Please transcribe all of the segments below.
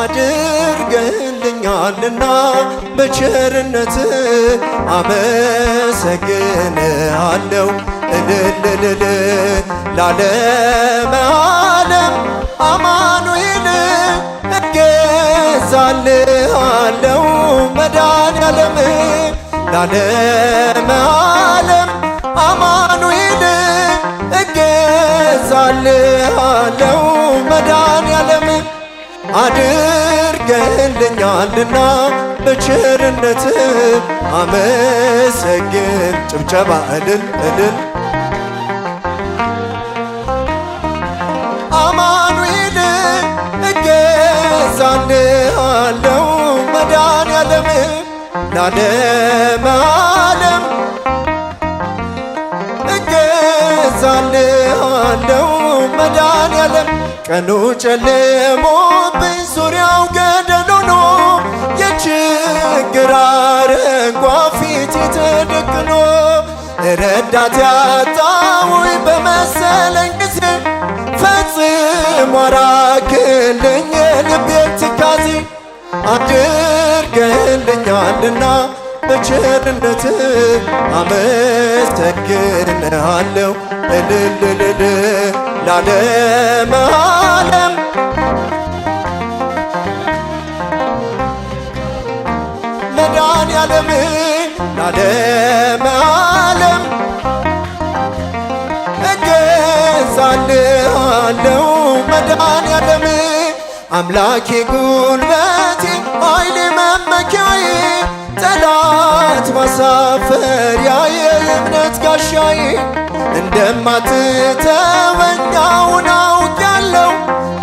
አድርገህልኛልና በቸርነት አመሰግንሃለሁ። እልልልል ላለመ ዓለም አማኑኤል እገዛልሃለሁ መድኃኒዓለም ላለመ ዓለም አማኑኤል መዳን መድኃኒዓለም አድርገልኛልና በቸርነት አመሰግን። ጭብጨባ እልል እልል አማኑኤል እገዛልሃለው መድኃኔዓለም ለዓለመ ዓለም እገዛልሃለው መድኃኔዓለም ቀኑ ጨልሞብኝ ዙሪያው ገደል ሆኖ የችግር አረንቋ ፊቴ ተደቅኖ ረዳት ያጣሁኝ በመሰለኝ ጊዜ ፈጽሞ አራክልኝ የልቤን ትካዜ አድርገህልኛልና በቸርነት አመሰግንሃለው እልልልል ላለም አለም መዳን ያለም ላለም አለም እገዛልሃለው መዳን ያለም አምላኬ ጉልበቴ ኃይሌ መመኪያዬ ጠላት ማሳፈሪያ የእምነት ጋሻዬ እንደማትተወኝ አሁን አውቃለሁ።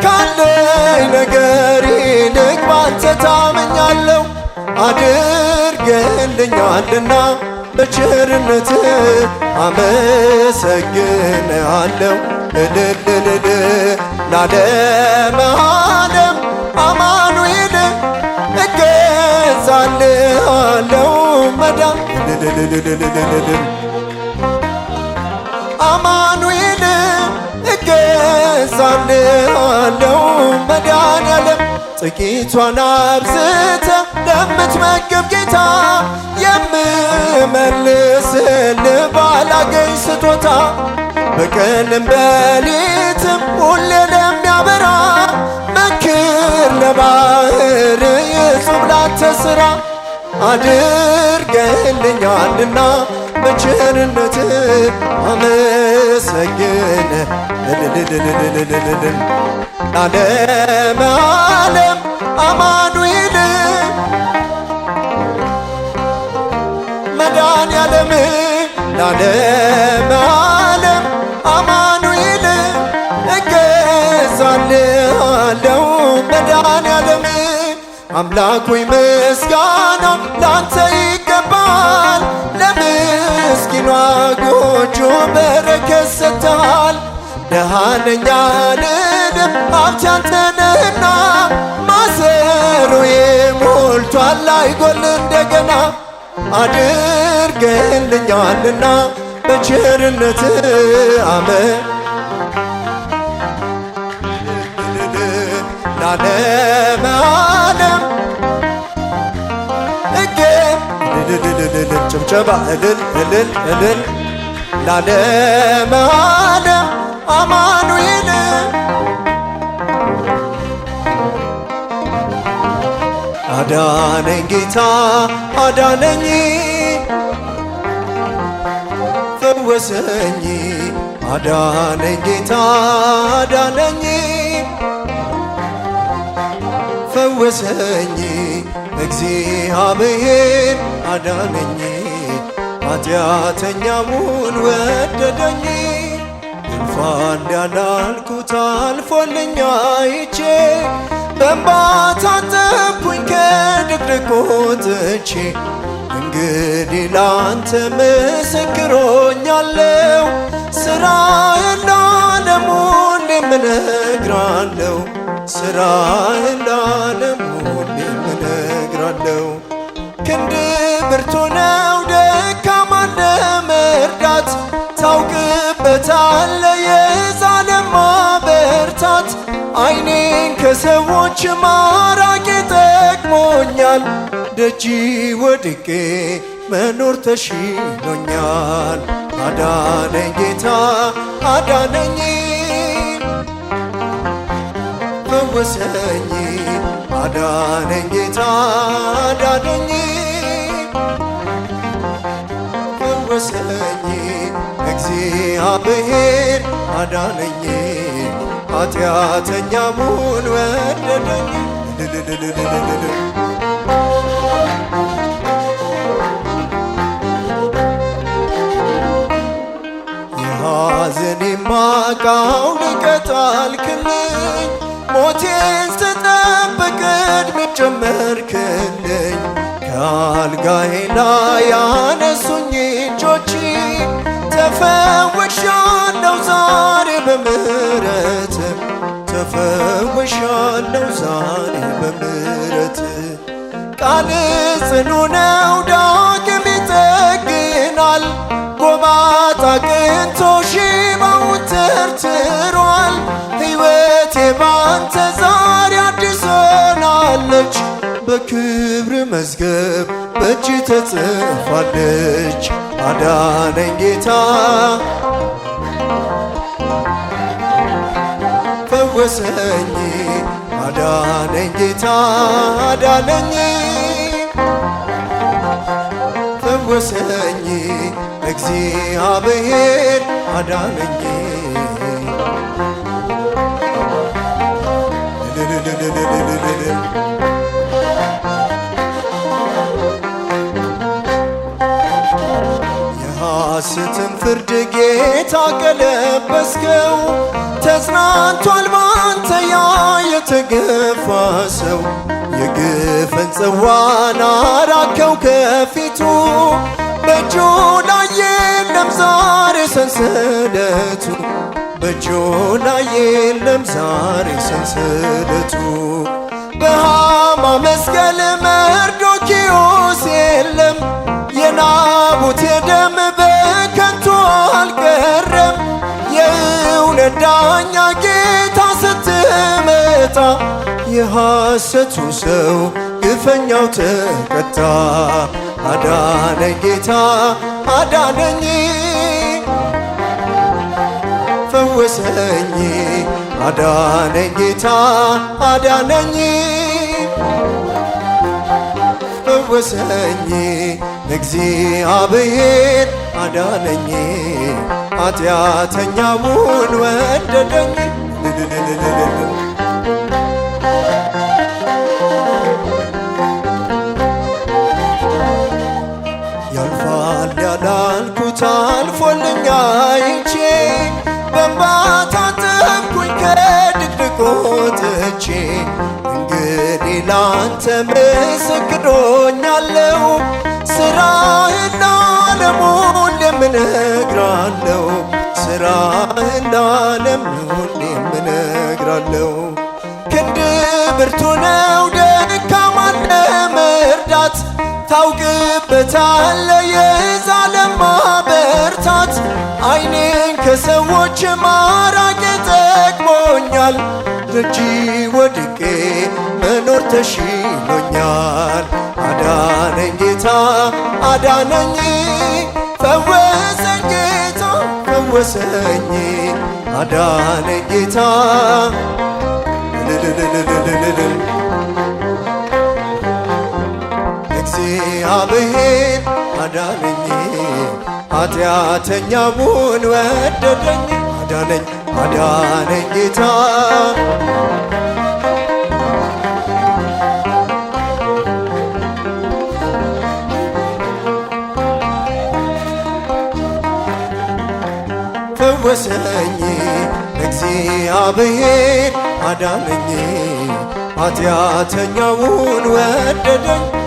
ካለኝ ነገር ይልቅ ባንተ ታመኛለሁ። አድርገህልኛልና በቸርነት አመሰግንሃለሁ። እልል እልል አለው መዳን አማኑኤል እገዛልህ አለው መዳን ያለም ጥቂቷን አብዝተ ለምትመግብ ጌታ የምመልስል ባላገኝ ስጦታ በቀንም በሌ አድርገህልኛልና በቸርነት አመሰግን ላለም አምላክ ሆይ ምስጋና ላንተ ይገባል። ለምስኪኗ ጎጆ በረከት ሰጥተሃል። ደሃ ነኝ አልልም ሀብት ያንተ ነህና ማሰሮዬ ሞልቷል አይጎል እንደገና አድርገልኛልና በቸርነት አመ ለዓለመ ዓለም እልል እልል ጭብጨባ እልል እልል እልል ለዓለመ ዓለም አማኑኤል አዳነኝ ጌታ አዳነኝ ፈወሰኝ አዳነኝ ጌታ አዳነኝ ፈወሰኝ እግዚአብሔር አዳነኝ ኃጢአተኛውን ወደደኝ እንኳን ያላልኩት አልፎልኝ አይቼ በእንባ ታጠብኩኝ ከድቅድቅ ወጥቼ እንግዲህ ላንተ ምስክር ስራ የለ ለሙን ሥራ እንዳለም ሁሌም እነግራለሁ። ክንድ ብርቱ ነው ደካማን ለመርዳት ታውቅበታለ የዛለም ማበርታት አይኔን ከሰዎች ማራቄ ጠቅሞኛል። ደጅ ወድቄ መኖር ተሽሎኛል። አዳነኝ ጌታ አዳነኝ ፈወሰኝ አዳነኝ ጌታ አዳነኝ ፈወሰኝ እግዚአብሔር አዳነኝ ሙን ወደደኝ የሐዘኔን ማቃውን ቀጣልክልኝ ሞቴን ስጠብቅ ዕድሜ ጨመርክልኝ ከአልጋዬ ላይ ያነሱኝ እጆች ተፈውሻለሁ ዛሬ በምህረት ተፈውሻለሁ ዛሬ በምህረት ቃል ጽኑ ነው ዳግ በክብር መዝገብ በእጅ ተጽፋለች። አዳነኝ ጌታ ፈወሰኝ፣ አዳነኝ ጌታ አዳነኝ ፈወሰኝ፣ እግዚአብሔር አዳነኝ ስትም ፍርድ ጌታ ቀለበስከው ተጽናንቷል ባንተ ያ የተገፋ ሰው የግፍን ጽዋን አራከው ከፊቱ በእጁ ላይ የለም ዛሬ ሰንሰለቱ በእጁ ላይ የለም ዛሬ ሰንሰለቱ በሃማ መስቀል መርዶኪዮስ የለም የናቡቴ ደም ረዳኛ ጌታ ስትመጣ የሐሰቱ ሰው ግፈኛው ተቀጣ። አዳነኝ ጌታ አዳነኝ ፈወሰኝ አዳነኝ ጌታ አዳነኝ ፈወሰኝ እግዚአብሔር አዳነኝ ኃጢአተኛውን ወደደኝ ያልፋል ያላልኩት አልፎልኛ አይቼ በእንባ ታጠብኩኝ ትቼ እንግዲህ ላንተ ምስክዶኛለሁ ስራህና እነግራለው ስራ እንዳለም ሁሌም እነግራለው ክንድ ብርቱ ነው ደካማን ለመርዳት ታውቅበታለ የዛለም ማበርታት አይኔን ከሰዎች ማራቅ ጠቅሞኛል ደጅ ወድቄ መኖር ተሽሎኛል አዳነኝ ጌታ አዳነኝ ፈወሰኝ ጌታ ፈወሰኝ አዳነኝ ጌታ እግዚአብሔር አዳነኝ ኃጢአተኛውን ወደደኝ አዳነኝ አዳነኝ ጌታ ፈወሰኝ እግዚአብሔር አዳነኝ ኃጢአተኛውን ወደደኝ